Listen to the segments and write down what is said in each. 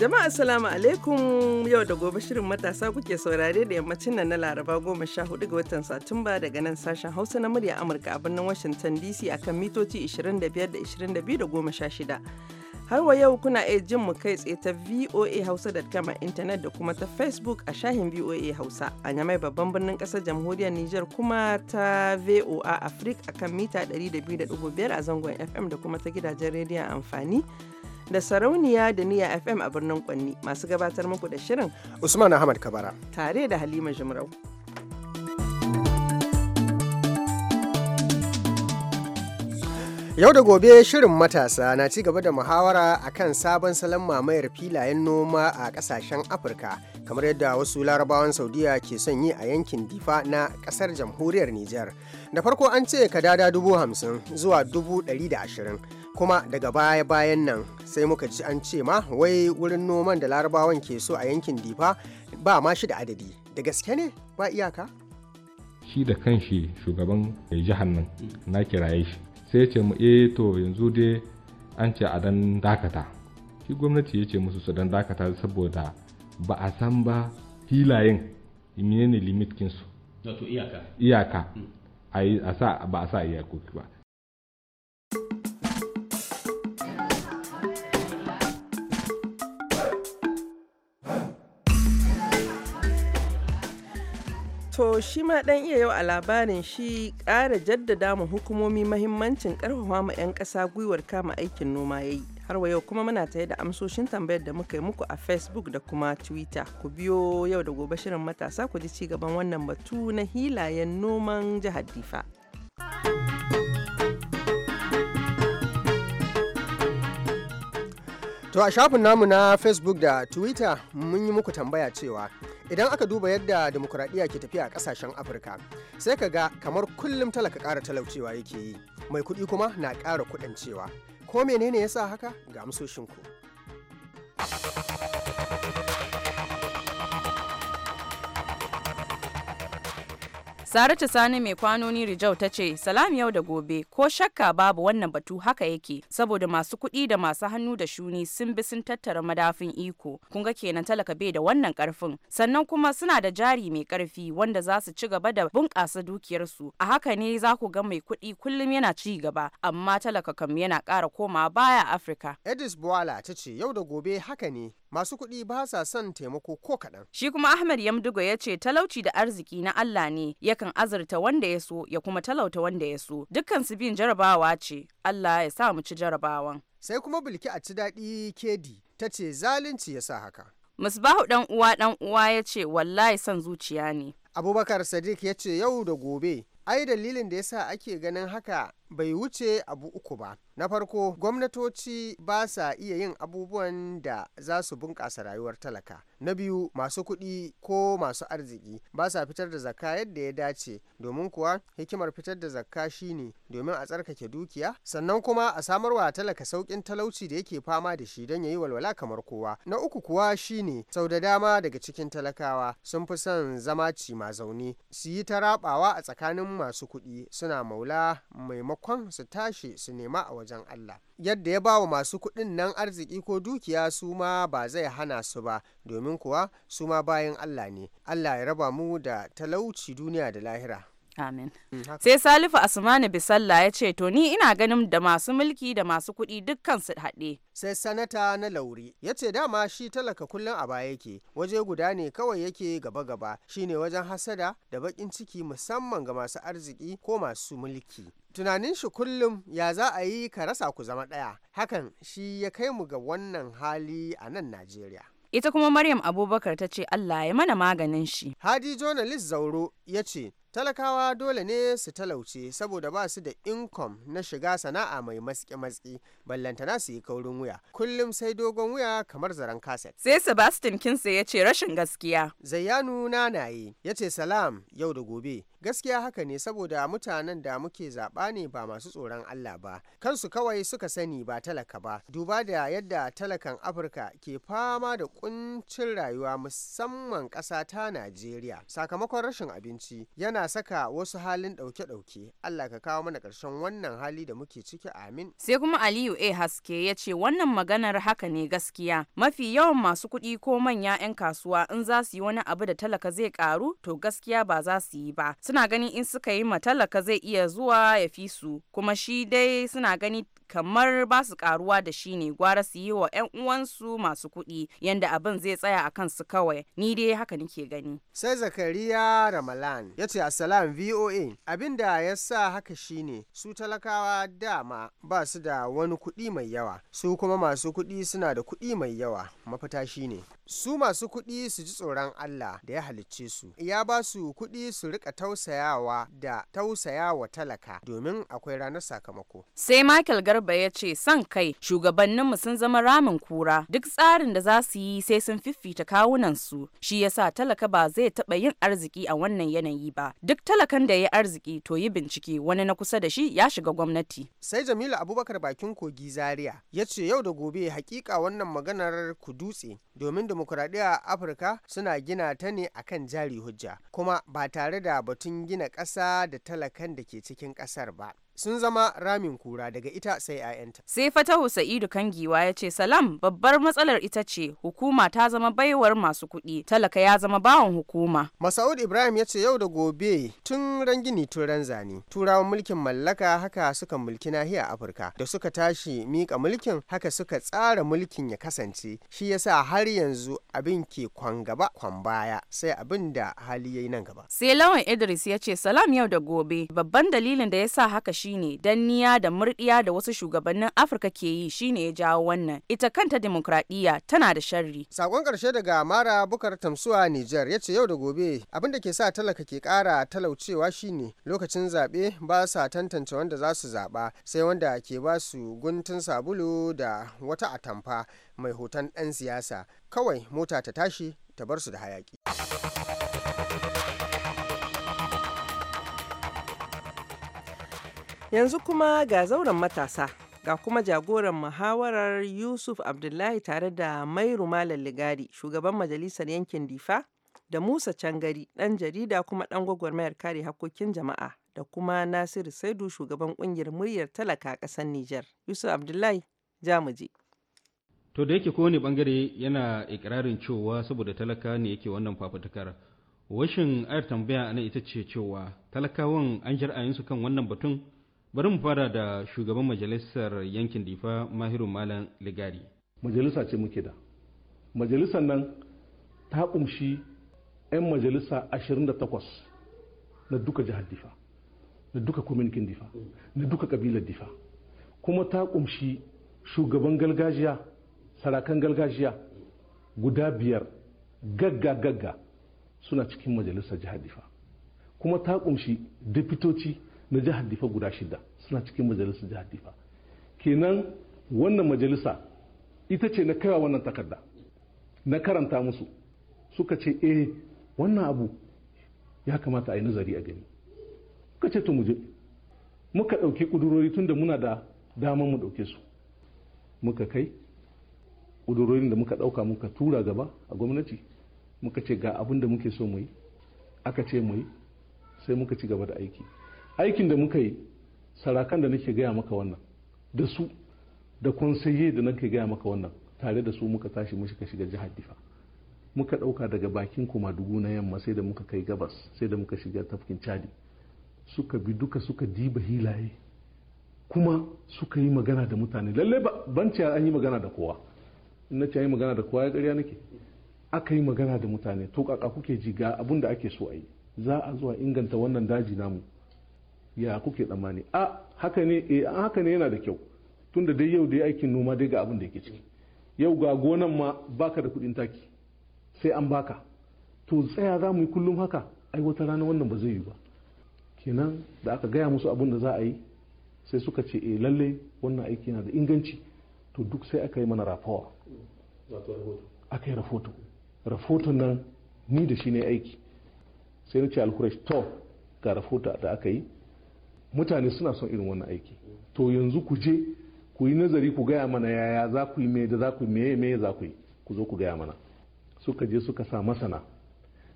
Jama'a Assalamu alaikum yau da gobe shirin matasa kuke saurare da yammacin nan na Laraba goma sha hudu ga watan Satumba daga nan sashen Hausa na murya Amurka a birnin Washington DC akan mitoci 25 da 22 da goma sha shida. Har wa yau kuna iya jin mu kai tsaye ta VOA Hausa.com a intanet da kuma ta Facebook a shahin VOA Hausa a nyamai babban birnin kasar jamhuriyar Nijar kuma ta VOA Africa akan mita 102.5 a zangon FM da kuma ta gidajen rediyon amfani. da sarauniya da niya FM a birnin Kwanni masu gabatar muku da shirin Usman Ahmad Kabara tare da Halima Jimrau. Yau da gobe shirin matasa na ci gaba da muhawara a kan sabon salon mamayar filayen noma a kasashen Afirka kamar yadda wasu larabawan Saudiya ke son yi a yankin Difa na kasar jamhuriyar Nijar. Da farko an ce kadada dubu hamsin zuwa dubu dari da ashirin. kuma daga baya-bayan nan sai muka ji an ce ma wai wurin noman da larabawan ke so a yankin difa ba ma shi da adadi da gaske ne ba iyaka shi da kanshi shugaban mai jihar nan mm. na kiraye shi sai ce mu eh to yanzu dai an ce a dan dakata shi gwamnati ya ce musu su dan dakata saboda ba a san ba filayen menene limit kinsu iyaka iyaka mm. a sa ba a sa iyakoki ba To shi ma dan iya yau a labarin shi kara jaddada mu hukumomi mahimmancin karfafa ma 'yan ƙasa gwiwar kama aikin noma yayi Har wa yau kuma muna tare da amsoshin tambayar da muka yi muku a Facebook da kuma Twitter. Ku biyo yau da gobe shirin matasa ku ji ci gaban wannan batu na hilayen noman jihar Difa. To a shafin namu na Facebook da Twitter mun yi muku tambaya cewa idan aka duba yadda demokuraɗiyya ke tafiya a ƙasashen Afirka sai ka ga kamar kullum talaka ƙara talaucewa yake yi mai kuɗi kuma na ƙara kuɗin cewa ko menene ya sa haka ga amsoshinku. Saratu Sani mai kwanoni Rijau ta ce salam yau da gobe ko shakka babu wannan batu haka yake saboda masu kuɗi da masu hannu da shuni sun bi sun tattara madafin iko kun ga kenan talaka bai da wannan karfin sannan kuma suna da jari mai karfi wanda za su ci gaba da bunƙasa dukiyarsu a haka ne za ku ga mai kuɗi kullum yana ci gaba amma talaka kam yana ƙara koma baya Afirka. Edis Bwala ta ce yau da gobe haka ne masu kuɗi ba sa son taimako ko kaɗan. Shi kuma Ahmad Yamdugo ya ce talauci da arziki na Allah ne yakan azurta wanda ya so ya kuma talauta wanda ya so dukkan su bin jarabawa ce Allah ya sa mu ci jarabawan. Sai kuma Bilki a ci daɗi kedi ta ce zalunci ya sa haka. Musbahu ɗan uwa ɗan uwa ya ce wallahi son zuciya ne. Abubakar Sadiq ya ce yau da gobe ai dalilin da yasa ake ganin haka bai wuce abu uku ba na farko gwamnatoci ba sa iya yin abubuwan da za su bunƙasa rayuwar talaka na biyu masu kuɗi ko masu arziki ba sa fitar da zakka yadda ya dace domin kuwa hikimar fitar da zakka shine domin a tsarkake dukiya sannan kuma a samar wa talaka sauƙin talauci da yake fama da shi don ya yi walwala kamar kowa na uku kuwa shine sau da dama daga cikin talakawa sun fi son zama ci ma zaune su yi ta rabawa a tsakanin masu kuɗi suna maula maimakon maimakon su tashi su nema a wajen Allah. Yadda ya ba wa masu kuɗin nan arziki ko dukiya su ma ba zai hana su ba, domin kuwa su ma bayan Allah ne. Allah ya raba mu da talauci duniya da lahira. Amin. Mm, Sai Salifu Asmani Bisalla ya ce to ni ina ganin da masu mulki da masu kuɗi dukkan su haɗe. Sai sanata na lauri ya ce dama shi talaka kullum a baya yake waje guda ne kawai yake gaba-gaba shine wajen hasada da baƙin ciki musamman ga masu arziki ko masu mulki. tunanin shi kullum ya za a yi ka rasa ku zama ɗaya hakan shi ya kai mu ga wannan hali a nan najeriya ita kuma maryam abubakar ta ce allah ya mana maganin shi hadi journalist zauro ya ce talakawa dole ne su talauce saboda ba su da inkom na shiga sana'a mai matsi-matsi ballantana su yi kaurin wuya kullum sai dogon wuya kamar zaren kaset sai sebastian kinsa ya ce rashin gaskiya zayyanu naye ya ce salam yau da gobe gaskiya haka ne saboda mutanen da muke zaɓa ne ba masu tsoron Allah ba kansu kawai suka sani ba talaka ba duba da yadda talakan Afirka ke fama da kuncin rayuwa musamman ƙasa ta Najeriya sakamakon rashin abinci yana saka wasu halin ɗauke-ɗauke Allah ka kawo mana ƙarshen wannan hali da muke ciki amin sai kuma Aliyu A haske ya ce wannan maganar haka ne gaskiya mafi yawan masu kuɗi ko manya 'yan kasuwa in za su yi wani abu da talaka zai karu to gaskiya ba za su yi ba suna gani in suka yi matalaka zai iya zuwa ya fi su kuma shi dai suna gani kamar ba su karuwa da shi ne gwara su yi wa 'yan uwansu masu kuɗi yadda abin zai tsaya a su kawai ni dai haka nike gani sai zakariya ramalan ya ce asalam voa abin da ya sa haka shine su talakawa dama ba su da wani kuɗi mai yawa su kuma masu kuɗi suna da kuɗi mai yawa mafita ne su masu kuɗi su ji tsoron Allah da ya halicce su ya ba su kuɗi su rika tausayawa da tausayawa talaka domin akwai ranar sakamako sai Michael Garba ya ce son kai shugabanninmu sun zama ramin kura duk tsarin da za su yi sai sun fiffita kawunan su shi yasa talaka ba zai taɓa yin arziki a wannan yanayi ba duk talakan da ya arziki to yi bincike wani na kusa da shi ya shiga gwamnati sai Jamilu Abubakar bakin kogi Zaria ya ce yau da gobe hakika wannan maganar ku dutse domin da Dimokuraɗiyya a afirka suna gina ta ne akan jari hujja kuma ba tare da batun gina ƙasa da talakan da ke cikin ƙasar ba sun zama ramin kura daga ita sai 'ya'yanta. Sai Fatahu Sa'idu Kangiwa ya ce salam babbar matsalar ita ce hukuma ta zama baiwar masu kuɗi talaka ya zama bawan hukuma. Masaud Ibrahim ya ce yau da gobe tun rangini tun ranzani turawan mulkin mallaka haka suka mulki nahiyar Afirka da suka tashi mika mulkin haka suka tsara mulkin ya kasance shi yasa har yanzu abin ke kwan gaba kwan baya sai abin da hali yayi nan gaba. Sai Lawan Idris ya ce salam yau da gobe babban dalilin da yasa haka shi shine danniya da murdiya da wasu shugabannin Afirka ke yi shine ya jawo wannan. Ita kanta demokradiyya tana da sharri. Sakon karshe daga Mara Bukar Tamsuwa Nijar ya ce yau da gobe abin da ke sa talaka ke kara talaucewa shine lokacin zaɓe ba sa tantance wanda za su zaɓa sai wanda ke ba su guntun sabulu da wata atamfa mai hoton ɗan siyasa kawai mota ta tashi ta bar su da hayaki. Yanzu kuma ga zauren matasa ga kuma jagoran muhawarar Yusuf Abdullahi tare da Mairu Malam Ligari shugaban majalisar yankin Difa da Musa Cangari ɗan jarida kuma ɗan gwagwarmayar kare hakokin jama'a da kuma Nasiru Saidu shugaban ƙungiyar muryar talaka kasar Nijar. Yusuf Abdullahi Jamuje. To da yake kowane bangare yana ikirarin cewa saboda talaka ne yake wannan fafutukar. Washin ayar tambaya ana ita ce cewa talakawan an jira'ayinsu kan wannan batun bari mu fara da shugaban majalisar yankin difa mahiru malam ligari majalisa ce muke da majalisar nan ta kumshi 'yan majalisa 28 na duka jihar difa na duka kwamitin difa na duka kabilar difa kuma ta kumshi shugaban galgajiya sarakan galgajiya guda biyar gagga gagga suna cikin majalisar jihar difa kuma ta kumshi difitoci na jihar difa guda shida suna cikin majalisar jihar difa kenan wannan majalisa ita ce na kaiwa wannan takarda na karanta musu suka ce eh wannan abu ya kamata a yi nazari a gani suka ce to muje muka ɗauki ƙudurori tun da muna da daman mu ɗauke su muka kai ƙudurorin da muka ɗauka muka tura gaba a gwamnati muka ce ga abin da muke so mu yi aka ce mu yi sai muka ci gaba da aiki aikin da muka yi sarakan da nake gaya maka wannan da su da kwansaye da nake gaya maka wannan tare da su muka tashi muka shiga jihar difa muka ɗauka daga bakin kumadugu na yamma sai da muka kai gabas sai da muka shiga tafkin chadi suka bi duka suka diba hilaye kuma suka yi magana da mutane lalle ban ce an yi magana da kowa in ce an yi magana da kowa ya ƙarya nake aka yi magana da mutane to kaka kuke ji ga abin da ake so a yi za a zuwa inganta wannan daji namu ya kuke tsammani a haka ne eh haka ne yana da kyau tunda dai yau da dai aikin noma dai ga abin da yake ciki yau ga gonan ma baka da kudin taki sai an baka to tsaya za mu yi kullum haka ai wata rana wannan ba zai yi ba kenan da aka gaya musu abin da za a yi sai suka ce eh lalle wannan aiki yana da inganci to duk sai aka yi mana rafawa aka yi rahoto rahoton nan ni da shi ne aiki sai na ce alkurash to ga rahoto da aka yi mutane suna son irin wannan aiki to yanzu ku je ku yi nazari ku gaya mana yaya za ku yi me da za ku yi meye meye za ku yi ku zo ku gaya mana suka je suka sa masana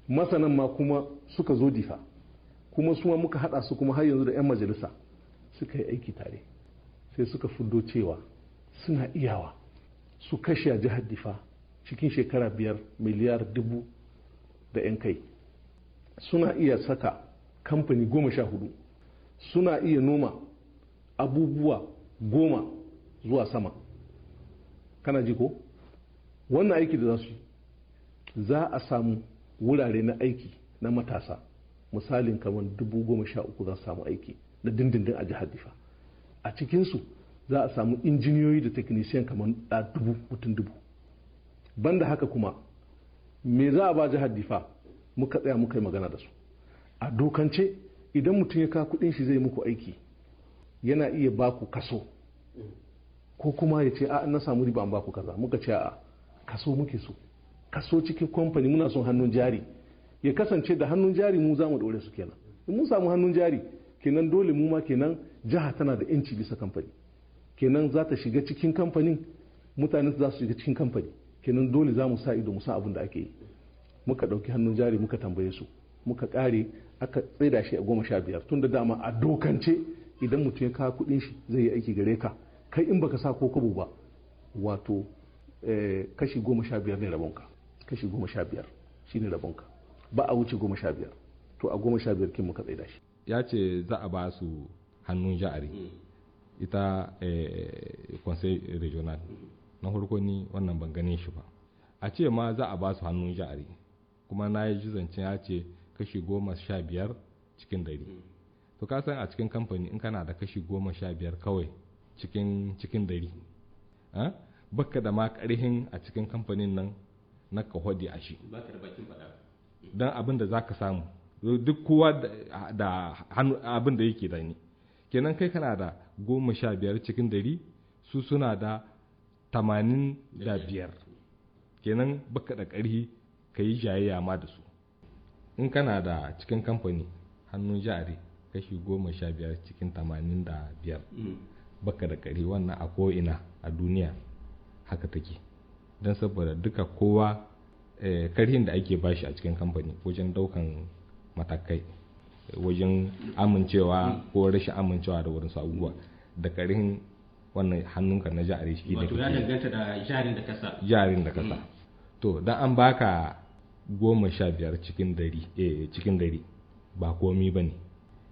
masanan ma kuma suka zo difa kuma suma muka hada su kuma har yanzu da 'yan majalisa suka yi aiki tare sai suka fuddo cewa suna iyawa su kashe a jihar difa cikin shekara biyar miliyar dubu da 'yan kai suna iya saka kamfani goma sha hudu suna iya noma abubuwa goma zuwa sama kana ji ko wannan aiki da za su za a samu wurare na aiki na matasa misalin kamar dubu goma sha uku za su samu aiki na dindindin a jihar difa a cikinsu za a samu injiniyoyi da teknisiyan kamar da dubu mutum dubu banda haka kuma me za a ba jihar difa muka tsaya muka yi magana da su a dokance idan mutum ya kawo kudin shi zai muku aiki yana iya baku kaso ko kuma ya ce a na samu riba an baku kaza muka ce a kaso muke so kaso cikin kwamfani muna son hannun jari ya kasance da hannun jari mu za mu ɗore su kenan in mun samu hannun jari kenan dole mu ma kenan jiha tana da yanci bisa kamfani kenan za ta shiga cikin kamfanin mutane za su shiga cikin kamfani kenan dole za mu sa ido mu sa abin da ake yi muka ɗauki hannun jari muka tambaye su muka kare. aka tsaida shi a goma sha biyar tun da dama a dokance idan mutum ya kawo kuɗin shi zai yi aiki gare ka kai in baka sa ko kabo ba wato eh, kashi goma sha biyar ne rabonka kashi goma sha biyar shi ne rabonka ba a wuce goma sha biyar to a goma sha biyar kin muka tsaida shi ya ce za a ba su hannun ja'ari mm. ita eh, conseil regional mm. na farko ni wannan ban gane shi ba a ce ma za a ba su hannun ja'ari kuma na yi zancen ya ce kashi goma sha biyar cikin dari hmm. to ka san a cikin kamfani in kana da kashi goma sha biyar kawai cikin cikin dari baka da ma ƙarhin a cikin kamfanin nan na ka a shi don hmm. abin da za ka samu duk kowa da hannu abin da yake da ni kenan kai kana da goma sha biyar cikin dari su suna da tamanin da biyar kenan baka da ƙarhi ka yi jayayya ma da su in kana da cikin kamfani hannun jari kashi goma sha biyar cikin tamanin da biyar mm. baka da kare wannan a ko'ina a duniya haka take don saboda duka kowa karhin eh, da ake bashi a cikin kamfani wajen daukan matakai wajen amincewa mm. ko rashin amincewa da wurin abubuwa da karhin wannan hannunka na jari shi da wato ya danganta da jarin da kasa jarin da kasa mm. to dan an baka goma sha biyar cikin dari eh, ba komi ba ne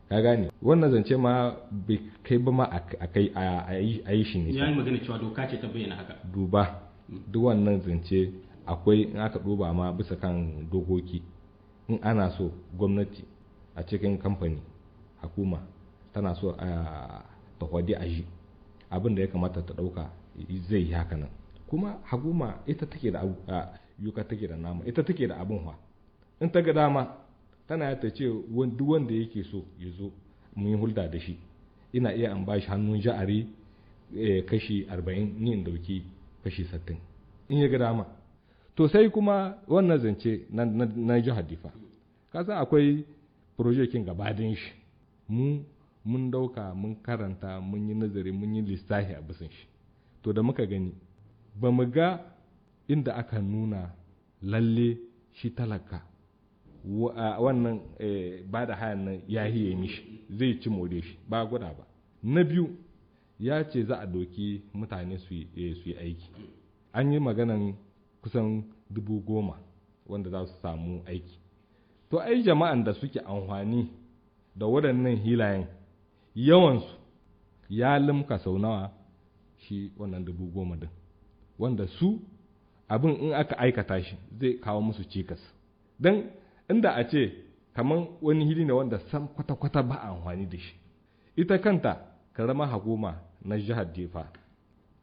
ka gane wannan zance ma bai kai ba ma a kai a yi shi ne ya yi magana cewa doka ce ta bayyana haka duba duk wannan zance akwai in aka duba ma bisa kan dokoki in ana so gwamnati a cikin kamfani hukuma tana so a a ji abin da ya kamata ta dauka zai yi haka nan kuma hukuma ita take da yuka take da nama ita take da abin wa in ta ga dama tana ta ce duk wanda yake so ya zo mun yi hulda da shi ina iya an bashi hannun ja'ari eh, kashi arba'in ni in dauki kashi sattin in ya ga dama to sai kuma wannan zance na jihar difa san akwai projekin gabadin shi mu mun dauka mun karanta mun yi nazari mun yi lissafi a bisan shi to da muka gani ba mu ga inda aka nuna lalle shi talaka wannan e, ba da hayan nan ya hiye mishi zai ci more shi ba guda ba na biyu ya ce za a doki mutane e, su yi aiki an yi maganan kusan dubu goma wanda za su samu aiki to ai jama'an da suke amfani da waɗannan hilayen yawansu ya limka sau nawa shi wannan dubu goma din wanda su abin in aka aikata shi zai kawo musu cikas don inda a ce kamar wani hili ne wanda sam kwata-kwata ba a amfani da shi ita kanta karama hakuma na jihar difa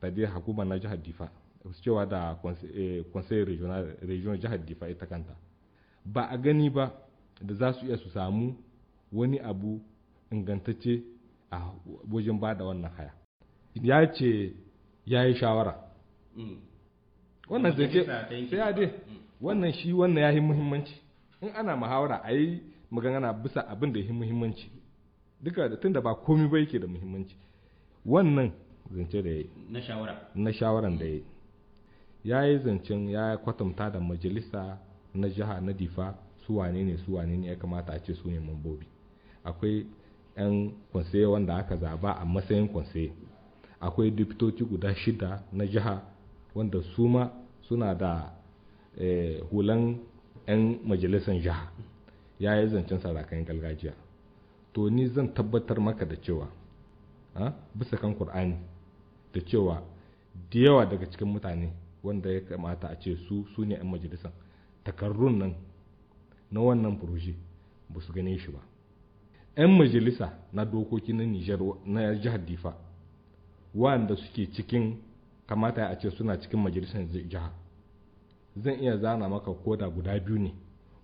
ta hakuma na jihar difa cewa da eh, conseil regional jihar difa ita kanta ba a gani ba da za su iya su samu wani abu ingantacce a wajen ba da wannan haya ya ce ya yi shawara mm. wannan zai sai dai mm. wannan shi wannan ya yi muhimmanci in ana muhawara a yi magana bisa abin da ya yi muhimmanci duka tun da ba komi ba yake da muhimmanci wannan zance da ya yi na na shawaran da ya yi ya yi zancen ya kwatanta da majalisa na jiha na difa su wane ne su wane ne ya kamata a ce su ne mambobi akwai 'yan kwanse wanda aka zaba a matsayin kwanse akwai diptoci guda shida na jiha wanda su ma suna da eh, hulan 'yan majalisar jiha ya yi zancen sarakan gargajiya to ni zan tabbatar maka da cewa bisa kan kur'ani da cewa da yawa daga cikin mutane wanda ya kamata a ce su su ne 'yan majalisar takarrun nan na wannan furushi ba su gane shi ba 'yan majalisa na dokoki na nijar na jihar difa wanda suke cikin kamata a ce suna cikin majalisar jihar. zan iya zana maka koda guda biyu ne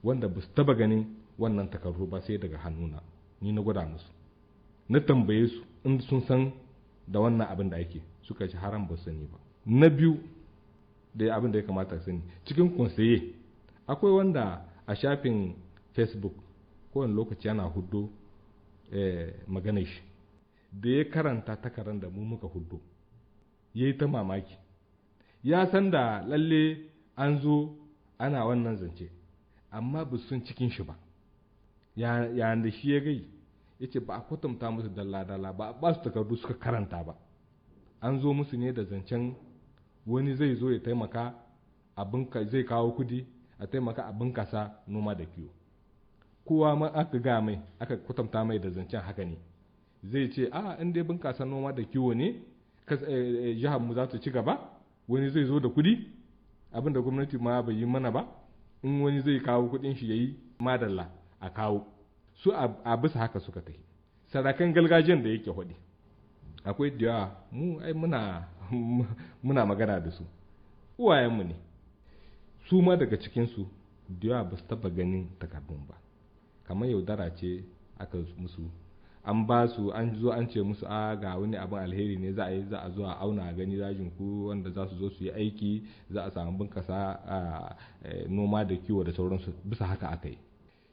wanda ba su taba ganin wannan takardu ba sai daga hannuna ni na gwada musu na tambaye su in sun san da wannan abin da ake suka ci haram ba sani ba na biyu da abin da ya kamata sani cikin kunsaye akwai wanda a shafin facebook kowane lokaci yana hudu eh, maganar shi da ya karanta takarar da mu muka hudu ya yi ta mamaki ya san da lalle an zo ana wannan zance amma ba sun cikin shi ba yayin da shi ya gai ya ce ba a kwatanta musu dalla-dalla ba ba su takardu suka karanta ba an zo musu ne da zancen wani zai zo ya taimaka zai kawo kudi a taimaka abin kasa noma da kiwo kowa ma aka ga mai aka kwatanta mai da zancen haka ne zai ce a ah, in dai bunkasa noma da kiwo ne eh, eh, jihar mu za ta ci gaba wani zai zo da kudi abin da gwamnati ma bai yi mana ba in wani zai kawo kuɗin shi ya yi madalla a kawo su a bisa haka suka tafi sadakan gargajiyan da yake haɗi akwai da mu ai muna muna magana da su mu ne su ma daga cikinsu da yawa ba su taɓa ganin takardun ba kamar yaudara ce aka musu an ba su an zo an ce musu a ah, ga wani abin alheri ne za a yi za a zo a auna gani dajin ku wanda za su zo su yi aiki za a samu bunkasa e, noma da kiwo da sauransu bisa haka aka yi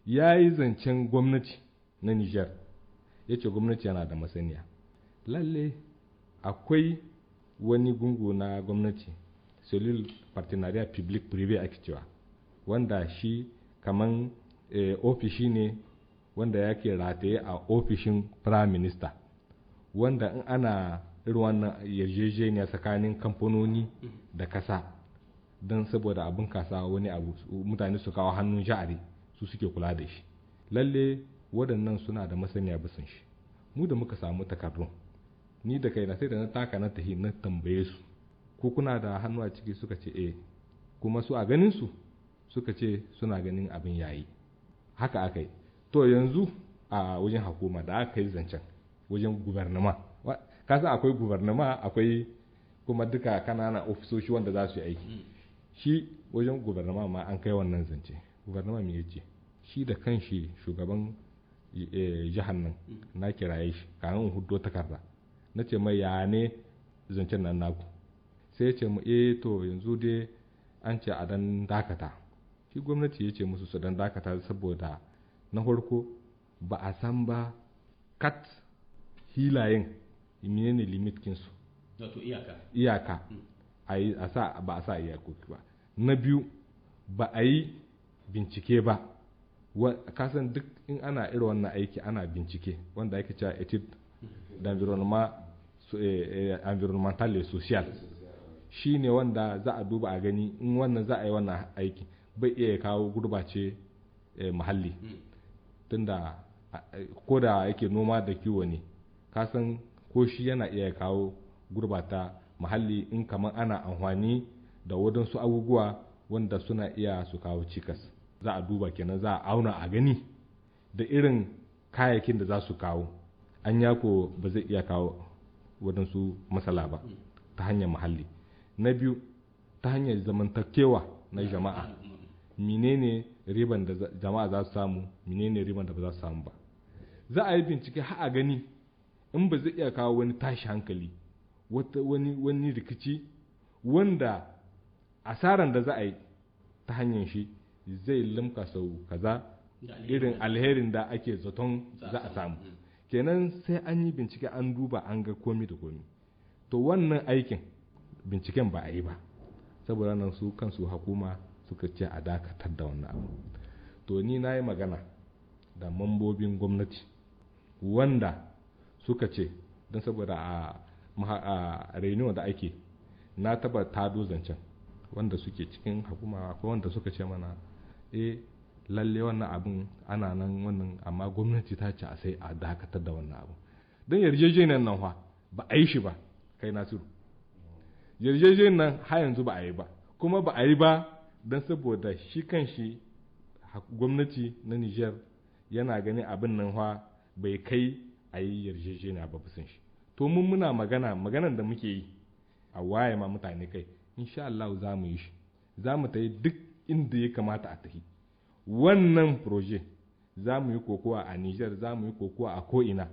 ya yi zancen gwamnati na niger ya ce gwamnati yana da masaniya lalle akwai wani gungu na gwamnati solil partenariat public privé ake cewa wanda shi kaman e, ofishi ne wanda yake rataye a ofishin prime minister wanda in ana irin wannan yarjejeniya tsakanin kamfanoni da kasa don saboda abin kasa wani abu mutane su kawo hannun ja'ari su suke kula da shi lalle waɗannan suna da masaniya bisan shi mu da muka samu takardun ni da kaina sai da na taka na tahi na tambaye su ko kuna da hannu a ciki suka ce eh kuma su a ganin su suka ce suna ganin abin yayi haka aka yi to yanzu a wajen hukuma da aka yi zancen wajen gubernama kasan akwai gubernama akwai kuma duka kanana ofisoshi wanda za su yi aiki mm. shi wajen gubernama ma an kai wannan zance gubernama me yace shi da kanshi shugaban eh, jihar nan mm. na kiraye shi kamin hudo takarda na ce mai ya ne zancen nan naku sai ya ce mu eh to yanzu dai an ce a dan dakata shi gwamnati ya ce musu su dan dakata saboda na farko ba a san ba kat hilayen menene limit kinsu wato iyaka iyaka a sa ba a sa iyakoki ba na biyu ba a yi bincike ba kasan duk in ana irin wannan aiki ana bincike wanda ake cewa etid eh, eh, environmental et social shi ne wanda za a duba a gani in wannan za a yi wannan aiki bai iya kawo gurbace eh, muhalli mm. tunda ko da yake noma da kiwo ne kasan ko shi yana iya kawo gurbata muhalli in kamar ana amfani da wadansu abubuwa wanda suna iya su kawo cikas za a duba kenan za a auna a gani da irin kayayyakin da za su kawo an yako ba zai iya kawo wadansu matsala ba ta hanyar muhalli na biyu ta hanyar zamantakewa na jama'a menene riban da jama'a za su samu menene riban da ba za su samu ba za a yi bincike har a gani in ba zai iya kawo wani tashi hankali wani wani rikici wanda asaran da za a yi ta hanyar shi zai limka sau kaza irin alherin da ake zaton za a samu hmm. kenan sai an yi bincike an duba an ga komi da komi to wannan aikin binciken ba a yi ba saboda nan su kansu hukuma suka ce a dakatar da wannan abu to ni na yi magana da mambobin gwamnati wanda suka ce don saboda a reno da ake na taba ta zancen wanda suke cikin hukuma ko wanda suka ce mana eh lalle wannan abin ana nan wannan amma gwamnati ta ce a sai a dakatar da wannan abu don yarjejeniyar nan fa ba a yi shi ba kai nasiru yarjejeniyar nan har yanzu ba a yi ba kuma ba a yi ba don saboda shi kan shi gwamnati na Nijar yana ganin abin nan fa bai kai a yi yarjejeniya ba fusun shi to mun muna magana maganan da muke yi a waye ma mutane kai insha Allah za mu yi shi za mu tayi duk inda ya kamata a tafi wannan proje za mu yi kokowa a Nijar za mu yi kokowa a ko'ina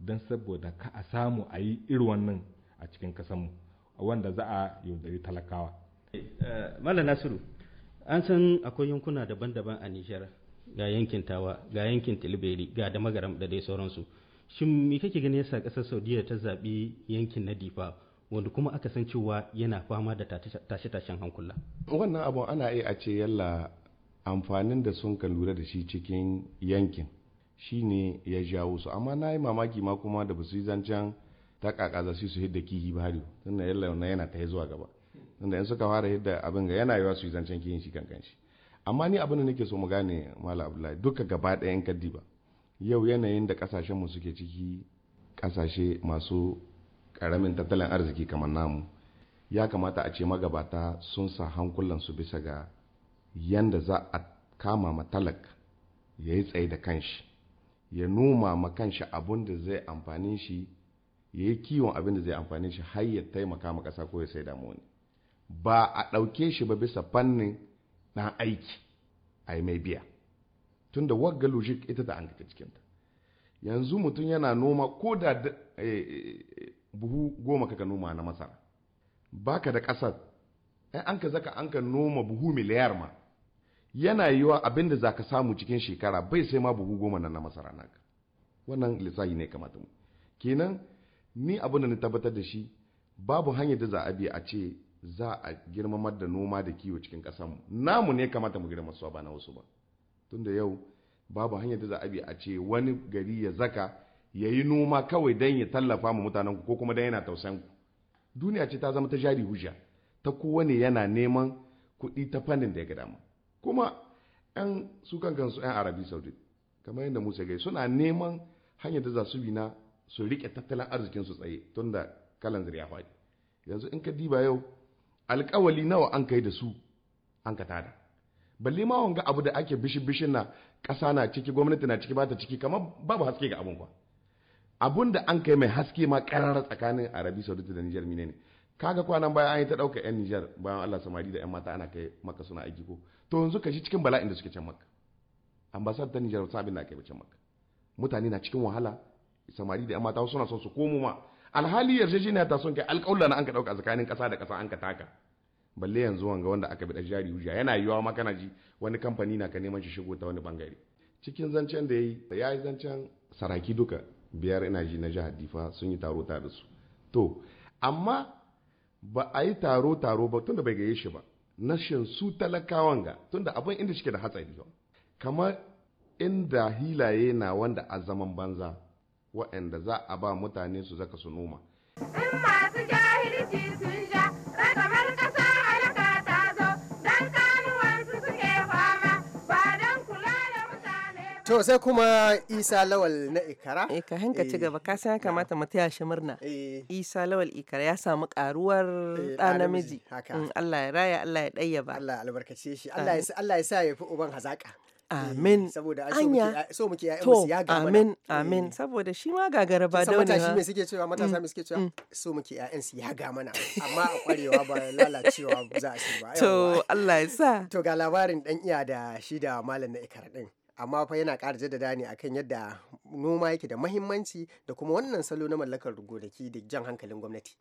don saboda ka a samu a yi iri wannan a cikin kasanmu wanda za a yaudari talakawa. Eh, Mala Nasiru, an san akwai yankuna daban-daban a nijar ga yankin tawa ga yankin tilberi ga da magaram da dai sauransu shin me kake gani yasa ƙasar saudiya ta zabi yankin na difa wanda kuma aka san cewa yana fama da tashe-tashen hankula wannan abu ana iya a ce yalla amfanin da sun kan lura da shi cikin yankin shine ya jawo su amma na yi mamaki ma kuma da ba su yi zancen ta kakaza su su hidda kihi ba hari tunda yalla yana ta zuwa gaba tunda in suka fara yadda abin ga yana yiwa su yi zancen kiyin shi kankan shi amma ni abin da nake so mu gane mala abdullahi duka gaba ɗaya in kaddi ba yau yanayin da kasashen mu suke ciki kasashe masu karamin tattalin arziki kamar namu ya kamata a ce magabata sun sa hankulan su bisa ga yanda za a kama matalak ya yi tsaye da kanshi ya noma ma kanshi abin da zai amfani shi ya yi kiwon abin da zai amfani shi har ya taimaka ma ƙasa ko ya sai damuwa wani ba a ɗauke shi ba bisa fannin na aiki a yi mai biya tun da wagga logic ita da an ga cikinta yanzu mutum yana noma ko da eh, eh, buhu goma kaka noma na masara baka da ƙasar ai an ka zaka an ka noma buhu miliyar ma yana yiwa abin da zaka samu cikin shekara bai sai ma buhu goma na masara naka wannan lissafi ne kamata mu kenan ni abin da na tabbatar da shi babu hanyar da za a bi a ce za a girmamar da noma da kiwo cikin ƙasarmu namu ne kamata mu girma su ba na wasu ba tunda yau babu hanyar da za a bi a ce wani gari ya zaka ya yi noma kawai don ya tallafa mu mutanen ku ko kuma don yana tausan ku duniya ce ta zama ta jari hujja ta kowane yana neman kuɗi ta fannin da ya gada mu kuma yan su kan kansu yan arabi saudi kamar yadda musa gai suna neman hanyar da za su bi su riƙe tattalin arzikin su tsaye tunda kalan ya faɗi yanzu in ka diba yau alƙawali nawa an kai da su an ka tada balle ma wanga abu da ake bishi bishin na ƙasa na ciki gwamnati na ciki bata ciki kamar babu haske ga abun kwa abun da an kai mai haske ma ƙarar tsakanin arabi saudita da nijar mine ne kaga kwanan baya an yi ta ɗauka 'yan nijar bayan allah samari da 'yan mata ana kai maka suna aiki ko to yanzu ka shi cikin bala'in da suke can maka ambasar ta nijar wasu abin da aka yi can maka mutane na cikin wahala samari da 'yan mata suna son su komo ma alhali yarjejeniya ta son kai alƙawla na an ka ɗauka tsakanin ƙasa da ƙasa an ka taka balle yanzu wanga wanda aka bi jari hujja yana yiwa ma kana ji wani kamfani na ka neman shi shigo ta wani bangare cikin zancen da yayi ya yi zancen saraki duka biyar ina ji na jihar difa sun yi taro tare da su to amma ba a yi taro taro ba tunda bai gaye shi ba na shin su talakawan ga tunda abin inda shike da hatsari kamar inda hilaye na wanda a zaman banza waɗanda za a ba mutane su zaka su noma in masu jahilci sun ja. to sai kuma isa lawal na ikara eh ka hanka ci eh, gaba ka san kamata mu taya shi murna eh. isa lawal ikara ya samu karuwar da eh, namiji Allah ya raya Allah ya dayyaba Allah albarkace shi Allah ya Allah ya sa ya fi uban hazaka Amin. Saboda anya so muke ya musu ya gaba. Amin, amin. Saboda shi ma gagara ba da wani. Matashi me suke cewa mm, matasa me suke cewa mm. so muke ƴaƴan su ya ga mana amma a kwarewa ba lalacewa za a shi ba. To Allah ya sa. To ga labarin dan iya da shi da malam na Ikara din. amma fa yana ƙara jaddada ne akan yadda noma yake da mahimmanci da kuma wannan salo na mallakar gonaki da jan hankalin gwamnati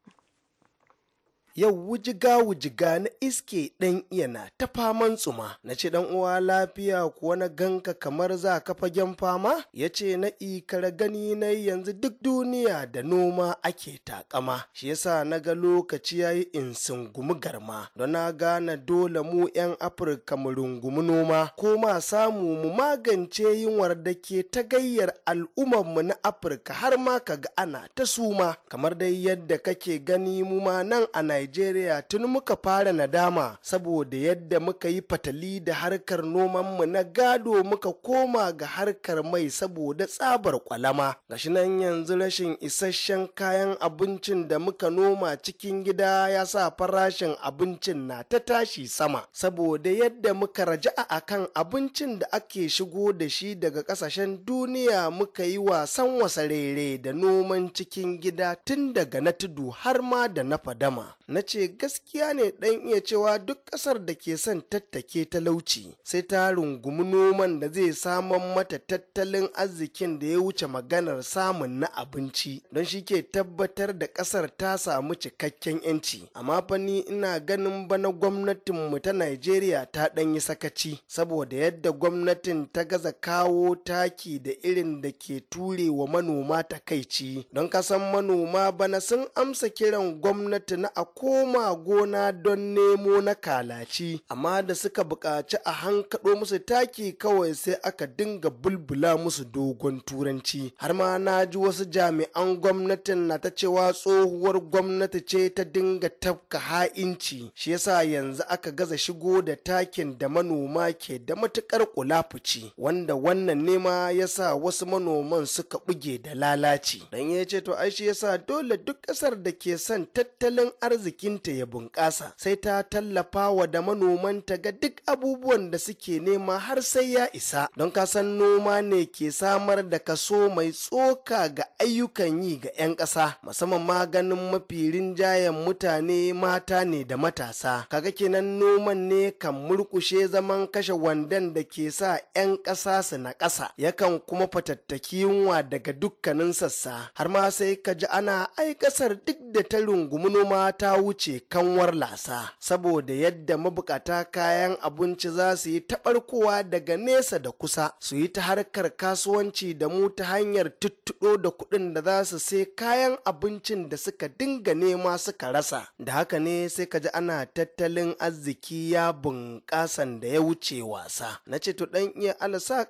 yau wujiga wujiga na iske ɗan na ta faman tsuma na ce ɗan uwa lafiya kuwa na ganka kamar za ka fagen fama ya ce na ikara gani na yanzu duk duniya da noma ake takama shi yasa na ga lokaci ya yi in sungumi garma don na gane dole mu 'yan afirka mu rungumi noma ko ma samu mu magance yunwar da ke ta gayyar al'ummar mu na afirka har ma ka ga ana ta suma kamar dai yadda kake gani mu ma nan a Najeriya tun muka fara nadama saboda yadda muka yi fatali da harkar nomanmu na gado muka koma ga harkar mai saboda tsabar kwalama. Gashi nan yanzu rashin isasshen kayan abincin da muka noma cikin gida ya sa farashin abincin na ta tashi sama saboda yadda muka raja'a akan abincin da ake shigo da shi daga ƙasashen duniya muka yi wasan wasarere da noman cikin gida tun daga na tudu har ma da na fadama. na ce gaskiya ne ɗan iya cewa duk ƙasar da ke son tattake talauci sai ta rungumi noman da zai samun mata tattalin arzikin da ya wuce maganar samun na abinci don shi ke tabbatar da ƙasar ta samu cikakken 'yanci amma fani ina ganin bana mu ta Najeriya ta ɗan yi sakaci saboda yadda gwamnatin ta gaza kawo taki da irin da ke ture wa manoma takaici don kasan manoma bana sun amsa kiran gwamnati na koma gona don nemo na kalaci amma da suka buƙaci a hankaɗo musu taki kawai sai aka dinga bulbula musu dogon turanci har ma na ji wasu jami'an gwamnatin na ta cewa tsohuwar gwamnati ce ta dinga tafka ha'inci shi yasa yanzu aka gaza shigo da takin da manoma ke da matuƙar kulafuci wanda wannan nema yasa wasu manoman suka buge da lalaci dan ya ce to ai shi yasa dole duk ƙasar da ke son tattalin arziki arzikinta ya bunƙasa sai ta tallafa wa da manomanta ga duk abubuwan da suke nema har sai ya isa don kasan noma ne ke samar da kaso mai tsoka ga ayyukan yi ga 'yan ƙasa musamman ma ganin mafi rinjayen mutane mata ne da matasa kaga kenan noman ne kan murkushe zaman kashe wandan da ke sa 'yan ƙasa su na ƙasa yakan kuma fatattaki yunwa daga dukkanin sassa har ma sai ka ji ana ai ƙasar duk da ta rungumi noma ta wuce kanwar lasa saboda yadda mabukata kayan abinci za su yi taɓarkowa daga nesa da kusa su yi ta harkar kasuwanci da mu ta hanyar tuttuɗo da kuɗin da za su sai kayan abincin da suka dinga nema suka rasa da haka ne sai ka ji ana tattalin arziki ya bunƙasan da ya wuce wasa na ce to ɗan iya alasa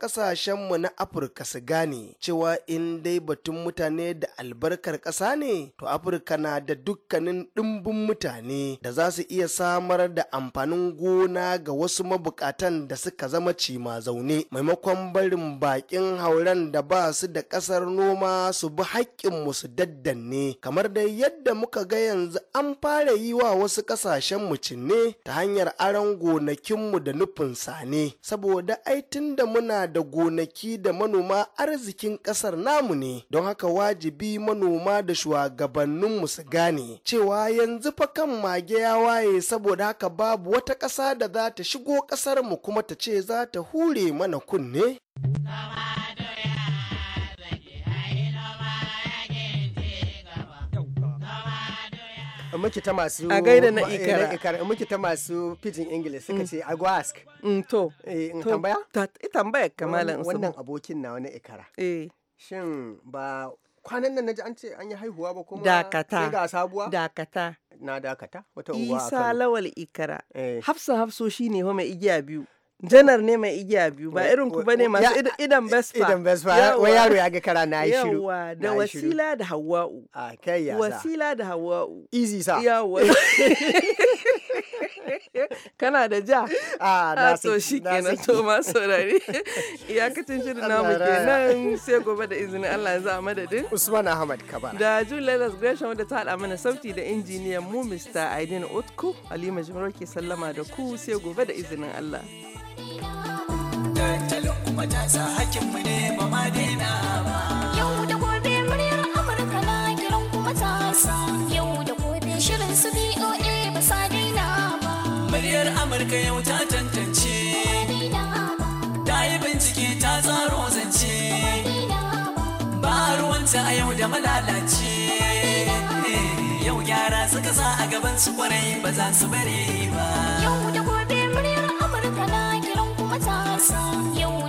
mu na afirka su gane cewa in dai batun mutane da albarkar ƙasa ne to afirka na da dukkanin ɗimbin mutane da za su iya samar da amfanin gona ga wasu mabukatan da suka zama cima zaune maimakon barin bakin hauren da ba su da kasar noma su bi mu su daddanne kamar dai yadda muka ga yanzu an fara yi wa wasu ƙasashen mu cinne ta hanyar aron gonakinmu da nufin sane saboda ai tun da muna da gonaki da manoma arzikin ƙasar namu ne don haka wajibi manoma da shugabanninmu su gane cewa yanzu zufa kan mage ya waye saboda haka babu wata ƙasa da za ta shigo ƙasar mu kuma ta ce za ta hure mana kunne. ta masu a gaida na eh, ikara ikara muke ta masu pidgin english suka mm. ce i go ask mm, to eh in tambaya ta eh, tambaya kamalan wannan abokin na wani ikara eh shin ba kwanan nan naji an ce an yi haihuwa ba kuma dakata ga sabuwa dakata na dakata wata uwa isa lawal ikara eh. hafsa hafso shine ho mai igiya biyu janar ne mai igiya biyu ba irin ku bane masu idan bespa idan bespa wai yaro ya ga kara na shiru yawa da wasila da hawa'u a kai ya wasila da hawa'u easy sa yawa kana da ja a ah, na ah, to shi kenan to ma saurari iyakacin shirin namu kenan sai gobe da izinin Allah zama a madadin Usman Ahmad Kabara da June Lailas Gresham wanda ta hada mana sauti da injiniyan mu Mr. Aidin Otku Halima Jumro ke sallama da ku sai gobe da izinin Allah Tattalin kuma ta sa hakin mu ne ba ma daina ba Yar Amurka yau ta tantance. Ta yi bincike ta tsaro zance. Ba ruwanta a yau da malalace. Yau gyara suka sa a gaban su kwarai ba za su bare ba. Yau da gobe muryar Amurka na kiran kuma ta Yau